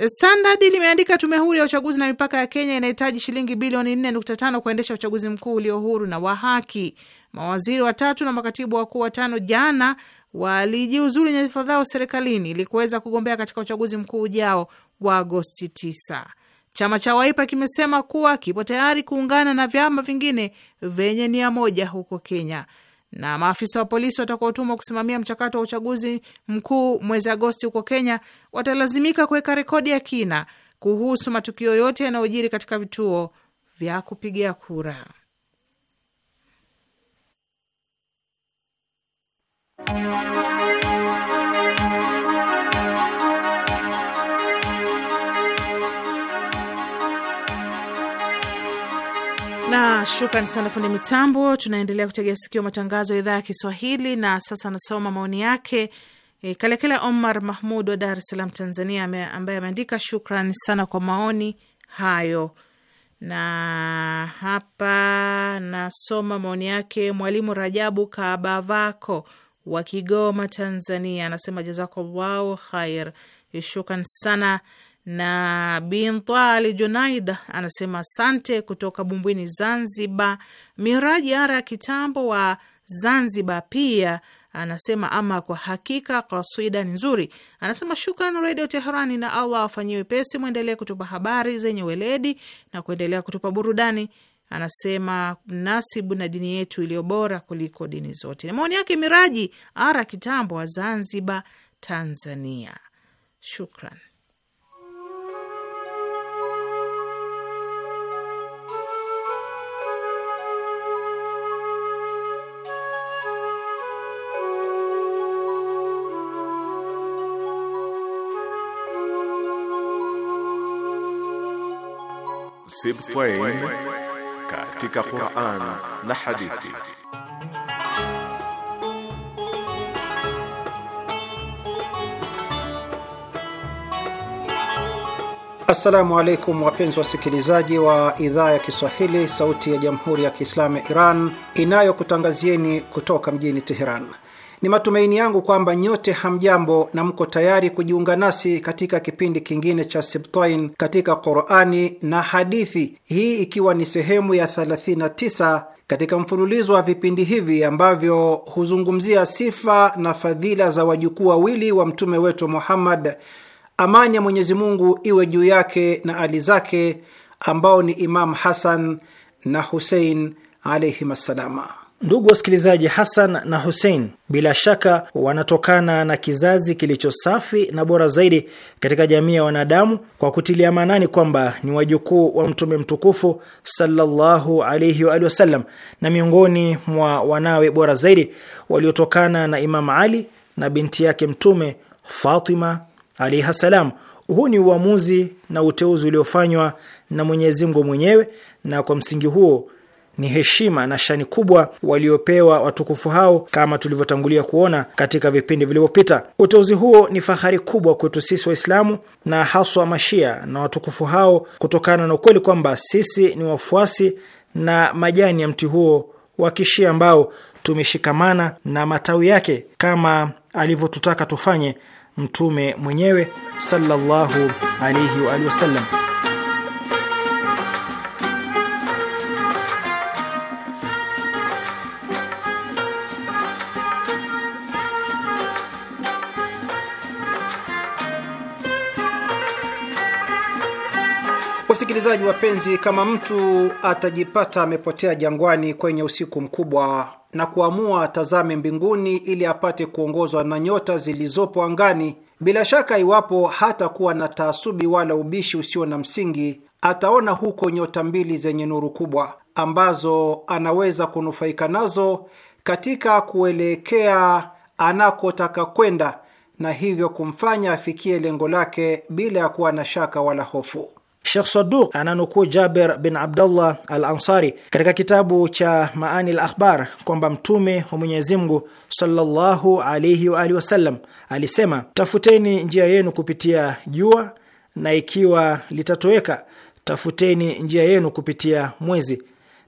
Standard limeandika tume huru ya uchaguzi na mipaka ya Kenya inahitaji shilingi bilioni 4.5 kuendesha uchaguzi mkuu ulio huru na wa haki. Mawaziri watatu na makatibu wakuu watano jana walijiuzulu nyadhifa zao serikalini ili kuweza kugombea katika uchaguzi mkuu ujao wa Agosti 9. Chama cha Waipa kimesema kuwa kipo tayari kuungana na vyama vingine vyenye nia moja huko Kenya na maafisa wa polisi watakaotumwa kusimamia mchakato wa uchaguzi mkuu mwezi Agosti huko Kenya watalazimika kuweka rekodi ya kina kuhusu matukio yote yanayojiri katika vituo vya kupigia kura. na shukrani sana fundi mitambo. Tunaendelea kutegea sikio matangazo ya idhaa ya Kiswahili, na sasa anasoma maoni yake. E, Kalekela Omar Mahmud wa Dar es Salaam, Tanzania, ambaye ameandika shukrani sana kwa maoni hayo. Na hapa nasoma maoni yake Mwalimu Rajabu Kabavako wa Kigoma, Tanzania, anasema jazakallahu khair. Shukran sana na Bintwali Junaid anasema sante kutoka Bumbwini, Zanzibar. Miraji Ara ya kitambo wa Zanzibar pia anasema ama kwa hakika kaswida ni nzuri. Anasema shukran Redio Teherani na Allah awafanyiwe wepesi, mwendelee kutupa habari zenye weledi na kuendelea kutupa burudani. Anasema nasibu na dini yetu iliyo bora kuliko dini zote. Ni maoni yake Miraji Ara kitambo wa Zanzibar, Tanzania. Shukran. Sibtain katika Qur'an na hadithi. Assalamu alaikum wapenzi wasikilizaji wa idhaa ya Kiswahili sauti ya Jamhuri ya Kiislamu ya Iran inayokutangazieni kutoka mjini Teheran. Ni matumaini yangu kwamba nyote hamjambo na mko tayari kujiunga nasi katika kipindi kingine cha Sibtain katika Qurani na hadithi, hii ikiwa ni sehemu ya 39 katika mfululizo wa vipindi hivi ambavyo huzungumzia sifa na fadhila za wajukuu wawili wa mtume wetu Muhammad, amani ya Mwenyezi Mungu iwe juu yake na ali zake, ambao ni Imam Hasan na Husein alaihim assalama. Ndugu wasikilizaji, hasan na Hussein bila shaka wanatokana na kizazi kilicho safi na bora zaidi katika jamii ya wanadamu, kwa kutilia maanani kwamba ni wajukuu wa Mtume mtukufu sallallahu alaihi wa alihi wasallam, na miongoni mwa wanawe bora zaidi waliotokana na Imam Ali na binti yake Mtume Fatima alaihi salam. Huu ni uamuzi na uteuzi uliofanywa na Mwenyezi Mungu mwenyewe, na kwa msingi huo ni heshima na shani kubwa waliopewa watukufu hao kama tulivyotangulia kuona katika vipindi vilivyopita. Uteuzi huo ni fahari kubwa kwetu sisi Waislamu na haswa Mashia na watukufu hao, kutokana na ukweli kwamba sisi ni wafuasi na majani ya mti huo wa Kishia ambao tumeshikamana na matawi yake kama alivyotutaka tufanye Mtume mwenyewe sallallahu alaihi wa alihi wasallam. Wasikilizaji wapenzi, kama mtu atajipata amepotea jangwani kwenye usiku mkubwa na kuamua atazame mbinguni ili apate kuongozwa na nyota zilizopo angani, bila shaka, iwapo hatakuwa na taasubi wala ubishi usio na msingi, ataona huko nyota mbili zenye nuru kubwa ambazo anaweza kunufaika nazo katika kuelekea anakotaka kwenda, na hivyo kumfanya afikie lengo lake bila ya kuwa na shaka wala hofu. Shekh Saduq ananukuu Jaber bin Abdullah al Ansari katika kitabu cha Maani al Akhbar kwamba Mtume wa Mwenyezi Mungu sallallahu alaihi wa alihi wasallam alisema, tafuteni njia yenu kupitia jua, na ikiwa litatoweka, tafuteni njia yenu kupitia mwezi,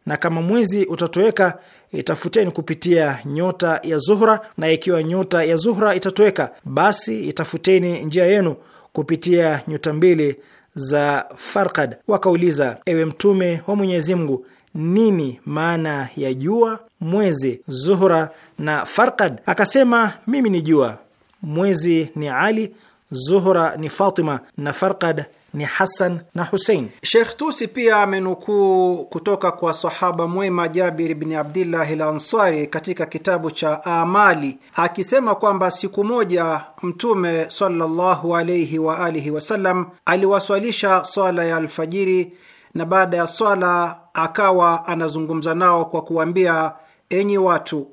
na kama mwezi utatoweka itafuteni kupitia nyota ya Zuhra, na ikiwa nyota ya Zuhra itatoweka, basi itafuteni njia yenu kupitia nyota mbili za Farkad wakauliza, ewe Mtume wa Mwenyezi Mungu, nini maana ya jua, mwezi, Zuhura na Farkad? Akasema, mimi ni jua, mwezi ni Ali, Zuhura ni Fatima na Farkad ni Hasan na Husein. shekh Tusi pia amenukuu kutoka kwa sahaba mwema Jabir bni Abdillahi l Ansari katika kitabu cha Amali akisema kwamba siku moja Mtume sallallahu alaihi wa alihi wasallam aliwaswalisha swala ya alfajiri, na baada ya swala akawa anazungumza nao kwa kuwambia enyi watu,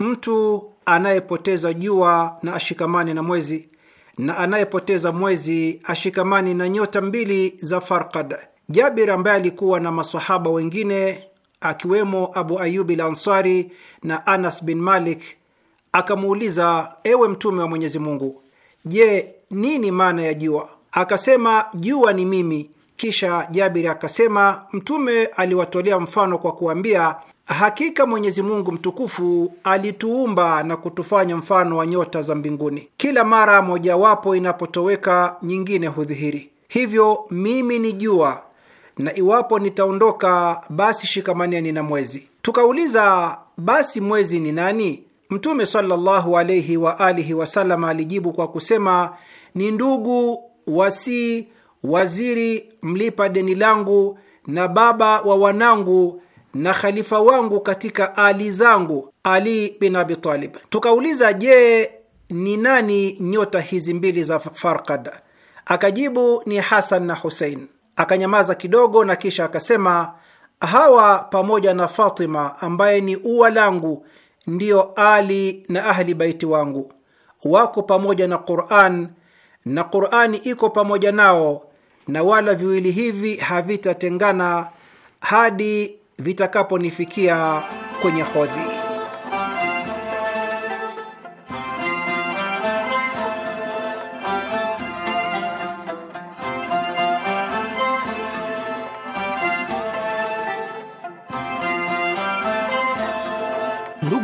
mtu anayepoteza jua na ashikamane na mwezi na anayepoteza mwezi ashikamani na nyota mbili za Farkad. Jabir ambaye alikuwa na masahaba wengine akiwemo Abu Ayubi ansari na Anas bin Malik akamuuliza, ewe Mtume wa Mwenyezi Mungu, je, nini maana ya jua? Akasema, jua ni mimi. Kisha Jabiri akasema, Mtume aliwatolea mfano kwa kuambia, Hakika Mwenyezi Mungu mtukufu alituumba na kutufanya mfano wa nyota za mbinguni. Kila mara mojawapo inapotoweka, nyingine hudhihiri. Hivyo mimi ni jua, na iwapo nitaondoka, basi shikamaneni na mwezi. Tukauliza, basi mwezi ni nani? Mtume sallallahu alayhi wa alihi wasallam alijibu kwa kusema, ni ndugu, wasii, waziri, mlipa deni langu na baba wa wanangu na khalifa wangu katika ali zangu Ali bin Abi Talib. Tukauliza, je, ni nani nyota hizi mbili za Farkad? Akajibu, ni Hasan na Husein. Akanyamaza kidogo na kisha akasema, hawa pamoja na Fatima ambaye ni ua langu ndiyo Ali na ahli baiti wangu, wako pamoja na Quran na Qurani iko pamoja nao, na wala viwili hivi havitatengana hadi vitakaponifikia kwenye hodhi.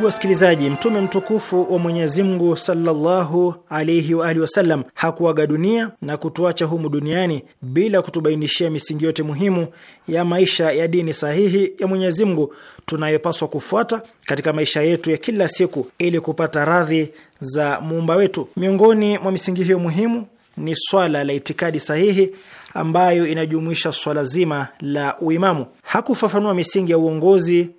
Ndugu wasikilizaji, mtume mtukufu wa Mwenyezi Mungu sallallahu alaihi wa alihi wasallam hakuaga dunia na kutuacha humu duniani bila kutubainishia misingi yote muhimu ya maisha ya dini sahihi ya Mwenyezi Mungu tunayopaswa kufuata katika maisha yetu ya kila siku ili kupata radhi za muumba wetu. Miongoni mwa misingi hiyo muhimu ni swala la itikadi sahihi ambayo inajumuisha swala zima la uimamu. Hakufafanua misingi ya uongozi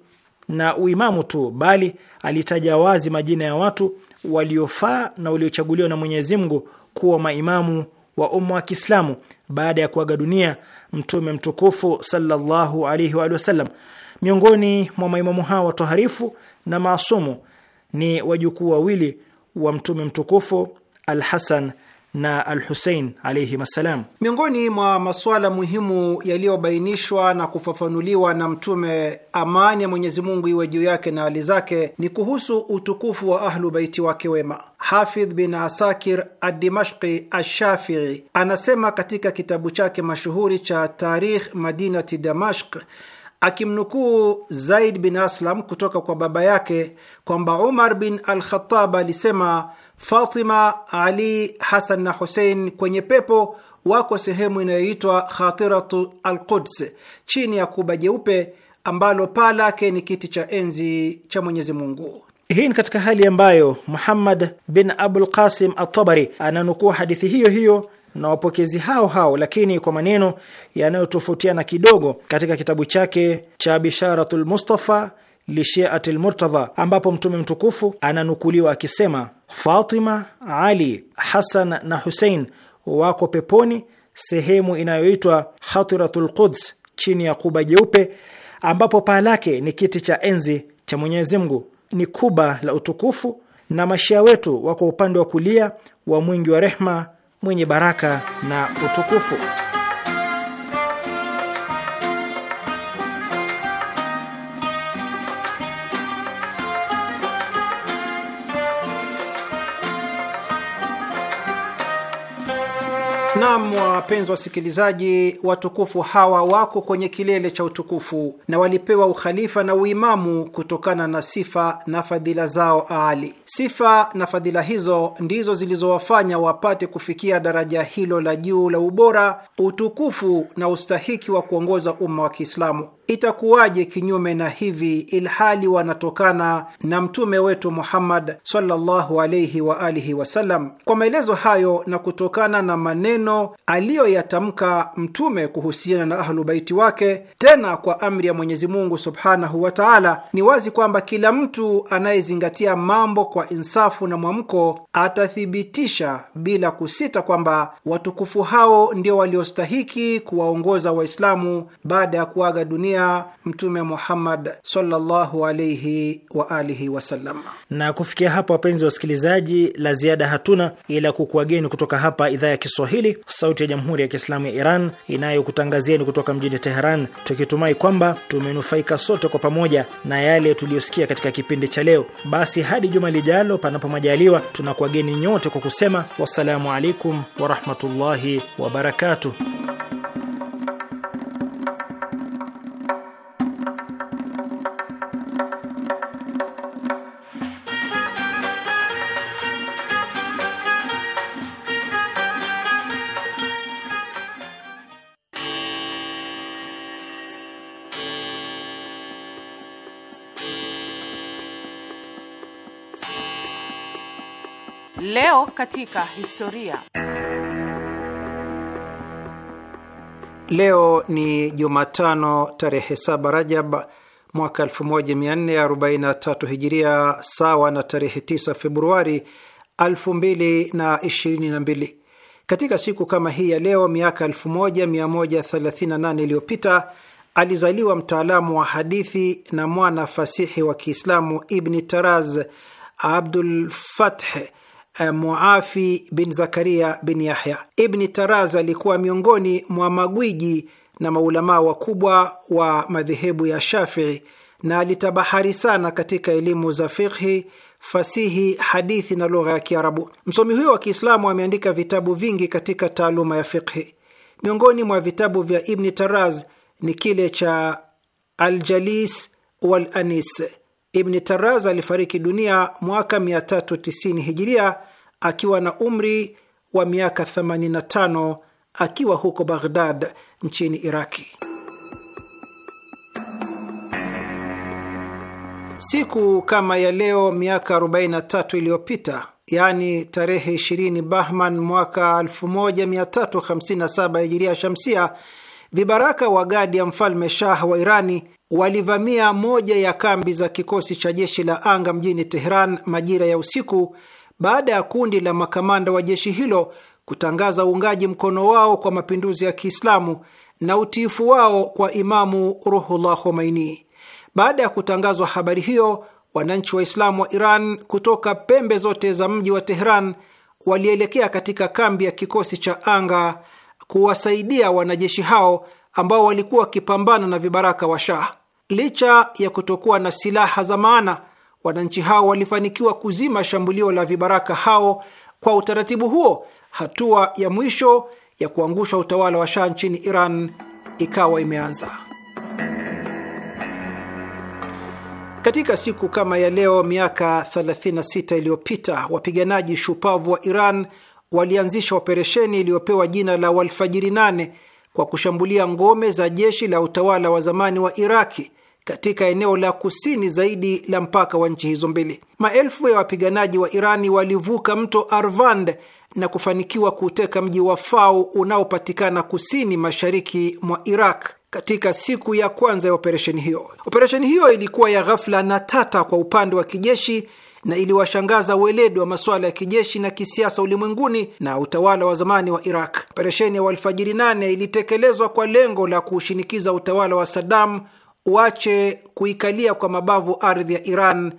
na uimamu tu, bali alitaja wazi majina ya watu waliofaa na waliochaguliwa na Mwenyezi Mungu kuwa maimamu wa umma wa Kiislamu baada ya kuaga dunia mtume mtukufu sallallahu alaihi wa sallam. Miongoni mwa maimamu hao watoharifu na maasumu ni wajukuu wawili wa mtume mtukufu Al-Hasan na al Husein alaihim assalam. Miongoni mwa masuala muhimu yaliyobainishwa na kufafanuliwa na Mtume, amani ya Mwenyezi Mungu iwe juu yake na hali zake, ni kuhusu utukufu wa Ahlu Baiti wake wema. Hafidh bin Asakir Adimashqi Ashafii anasema katika kitabu chake mashuhuri cha Tarikh Madinati Damashq akimnukuu Zaid bin Aslam kutoka kwa baba yake kwamba Umar bin Alkhatab alisema Fatima, Ali, Hasan na Husein kwenye pepo wako sehemu inayoitwa Khatiratu al-Quds chini ya kuba jeupe ambalo paa lake ni kiti cha enzi cha Mwenyezi Mungu. Hii ni katika hali ambayo Muhammad bin Abul Qasim at-Tabari ananukua hadithi hiyo hiyo na wapokezi hao hao, lakini kwa maneno yanayotofautiana kidogo katika kitabu chake cha Bisharatul Mustafa lishiatil Murtadha, ambapo Mtume mtukufu ananukuliwa akisema, Fatima, Ali, Hasan na Husein wako peponi sehemu inayoitwa Khatiratu lquds chini ya kuba jeupe, ambapo paa lake ni kiti cha enzi cha Mwenyezi Mungu, ni kuba la utukufu, na mashia wetu wako upande wa kulia wa mwingi wa rehma, mwenye baraka na utukufu. Naam, wapenzi wasikilizaji, watukufu hawa wako kwenye kilele cha utukufu na walipewa ukhalifa na uimamu kutokana na sifa na fadhila zao aali. Sifa na fadhila hizo ndizo zilizowafanya wapate kufikia daraja hilo la juu la ubora, utukufu na ustahiki wa kuongoza umma wa Kiislamu itakuwaje kinyume na hivi, ilhali wanatokana na mtume wetu Muhammad sallallahu alayhi wa alihi wasallam. Kwa maelezo hayo na kutokana na maneno aliyoyatamka mtume kuhusiana na ahlubaiti wake, tena kwa amri ya Mwenyezi Mungu subhanahu wa taala, ni wazi kwamba kila mtu anayezingatia mambo kwa insafu na mwamko atathibitisha bila kusita kwamba watukufu hao ndio waliostahiki kuwaongoza Waislamu baada ya kuaga dunia kumtumia Mtume Muhammad sallallahu alaihi wa alihi wasallam. Na kufikia hapa, wapenzi wa wasikilizaji, la ziada hatuna ila kukuwageni kutoka hapa idhaa ya Kiswahili, Sauti ya Jamhuri ya Kiislamu ya Iran inayokutangazieni kutoka mjini Teheran, tukitumai kwamba tumenufaika sote kwa pamoja na yale tuliyosikia katika kipindi cha leo. Basi hadi juma lijalo, panapo majaliwa, tunakuwageni nyote kwa kusema wassalamu alaikum warahmatullahi wabarakatuh. Leo katika historia. Leo ni Jumatano tarehe 7 Rajab mwaka 1443 Hijiria, sawa na tarehe 9 Februari 2022. Katika siku kama hii ya leo miaka 1138 iliyopita alizaliwa mtaalamu wa hadithi na mwana fasihi wa Kiislamu Ibni Taraz Abdul Fath Eh, Muafi bin Zakaria bin Yahya. Ibni Taraz alikuwa miongoni mwa magwiji na maulamaa wakubwa wa madhehebu ya Shafii na alitabahari sana katika elimu za fikhi, fasihi, hadithi na lugha ya Kiarabu. Msomi huyo wa Kiislamu ameandika vitabu vingi katika taaluma ya fikhi. Miongoni mwa vitabu vya Ibni Taraz ni kile cha Aljalis wal Anis. Ibni taraz alifariki dunia mwaka 390 hijiria akiwa na umri wa miaka 85 akiwa huko Baghdad nchini Iraki. Siku kama ya leo miaka 43 iliyopita, yaani tarehe 20 Bahman mwaka 1357 hijiria shamsia Vibaraka wa gadi ya mfalme Shah wa Irani walivamia moja ya kambi za kikosi cha jeshi la anga mjini Teheran majira ya usiku baada ya kundi la makamanda wa jeshi hilo kutangaza uungaji mkono wao kwa mapinduzi ya Kiislamu na utiifu wao kwa Imamu Ruhullah Khomeini. Baada ya kutangazwa habari hiyo, wananchi Waislamu wa Iran kutoka pembe zote za mji wa Teheran walielekea katika kambi ya kikosi cha anga kuwasaidia wanajeshi hao ambao walikuwa wakipambana na vibaraka wa Shah. Licha ya kutokuwa na silaha za maana, wananchi hao walifanikiwa kuzima shambulio la vibaraka hao. Kwa utaratibu huo, hatua ya mwisho ya kuangusha utawala wa Shah nchini Iran ikawa imeanza. Katika siku kama ya leo miaka 36 iliyopita, wapiganaji shupavu wa Iran walianzisha operesheni iliyopewa jina la Walfajiri nane kwa kushambulia ngome za jeshi la utawala wa zamani wa Iraki katika eneo la kusini zaidi la mpaka wa nchi hizo mbili. Maelfu ya wapiganaji wa Irani walivuka mto Arvand na kufanikiwa kuuteka mji wa Fau unaopatikana kusini mashariki mwa Iraq katika siku ya kwanza ya operesheni hiyo. Operesheni hiyo ilikuwa ya ghafla na tata kwa upande wa kijeshi na iliwashangaza ueledi wa masuala ya kijeshi na kisiasa ulimwenguni na utawala wa zamani wa Iraq. Operesheni ya Walfajiri nane ilitekelezwa kwa lengo la kuushinikiza utawala wa Saddam uache kuikalia kwa mabavu ardhi ya Iran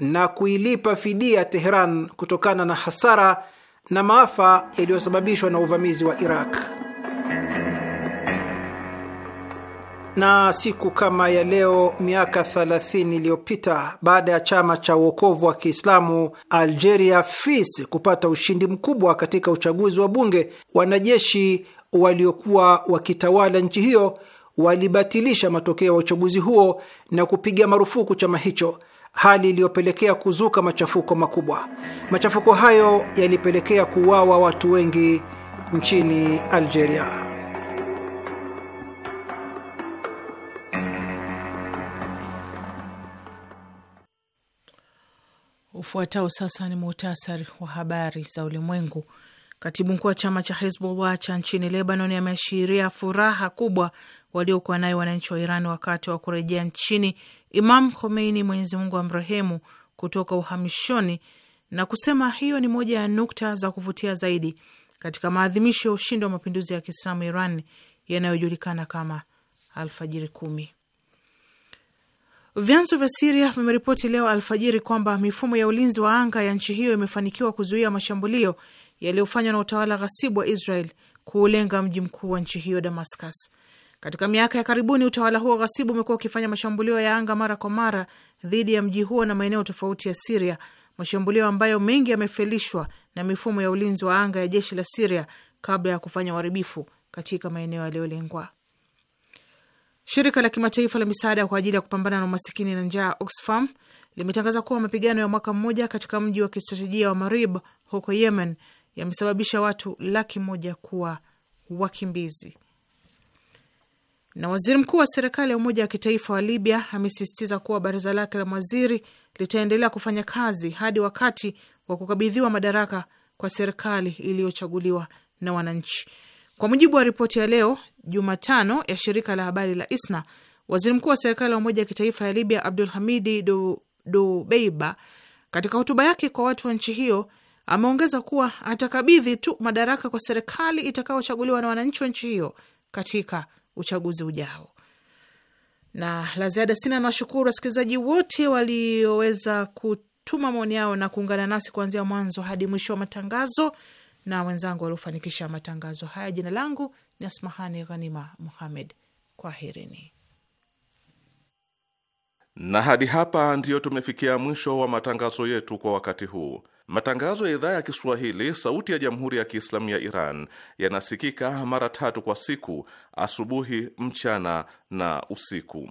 na kuilipa fidia Teheran kutokana na hasara na maafa yaliyosababishwa na uvamizi wa Iraq. na siku kama ya leo miaka 30 iliyopita, baada ya chama cha uokovu wa Kiislamu Algeria FIS kupata ushindi mkubwa katika uchaguzi wa bunge, wanajeshi waliokuwa wakitawala nchi hiyo walibatilisha matokeo ya uchaguzi huo na kupiga marufuku chama hicho, hali iliyopelekea kuzuka machafuko makubwa. Machafuko hayo yalipelekea kuuawa watu wengi nchini Algeria. Ufuatao sasa ni muhtasari wa habari za ulimwengu. Katibu mkuu wa chama cha Hezbollah cha nchini Lebanon ameashiria furaha kubwa waliokuwa nayo wananchi wa Iran wakati wa kurejea nchini Imam Khomeini, Mwenyezi Mungu amrehemu, kutoka uhamishoni na kusema hiyo ni moja ya nukta za kuvutia zaidi katika maadhimisho ya ushindi wa mapinduzi ya Kiislamu Iran yanayojulikana kama Alfajiri Kumi. Vyanzo vya Siria vimeripoti leo alfajiri kwamba mifumo ya ulinzi wa anga ya nchi hiyo imefanikiwa kuzuia mashambulio yaliyofanywa na utawala ghasibu wa Israel kuulenga mji mkuu wa nchi hiyo Damascus. Katika miaka ya karibuni, utawala huo ghasibu umekuwa ukifanya mashambulio ya anga mara kwa mara dhidi ya mji huo na maeneo tofauti ya Siria, mashambulio ambayo mengi yamefelishwa na mifumo ya ulinzi wa anga ya jeshi la Siria kabla ya kufanya uharibifu katika maeneo yaliyolengwa. Shirika la kimataifa la misaada kwa ajili ya kupambana na umasikini na njaa Oxfam limetangaza kuwa mapigano ya mwaka mmoja katika mji wa kistratejia wa Marib huko Yemen yamesababisha watu laki moja kuwa wakimbizi. Na waziri mkuu wa serikali ya Umoja wa Kitaifa wa Libya amesisitiza kuwa baraza lake la mawaziri litaendelea kufanya kazi hadi wakati wa kukabidhiwa madaraka kwa serikali iliyochaguliwa na wananchi. Kwa mujibu wa ripoti ya leo Jumatano ya shirika la habari la ISNA, waziri mkuu wa serikali ya umoja wa kitaifa ya Libya Abdul Hamidi Dubeiba, katika hotuba yake kwa watu wa nchi hiyo, ameongeza kuwa atakabidhi tu madaraka kwa serikali itakayochaguliwa na wananchi wa nchi hiyo katika uchaguzi ujao. Na la ziada sina. Nawashukuru wasikilizaji wote walioweza kutuma maoni yao na kuungana nasi kuanzia mwanzo hadi mwisho wa matangazo na wenzangu waliofanikisha matangazo haya. Jina langu ni Asmahani Ghanima Muhamed, kwaherini. Na hadi hapa ndiyo tumefikia mwisho wa matangazo yetu kwa wakati huu. Matangazo ya idhaa ya Kiswahili sauti ya jamhuri ya Kiislamu ya Iran yanasikika mara tatu kwa siku: asubuhi, mchana na usiku.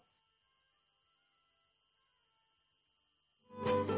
Thank you.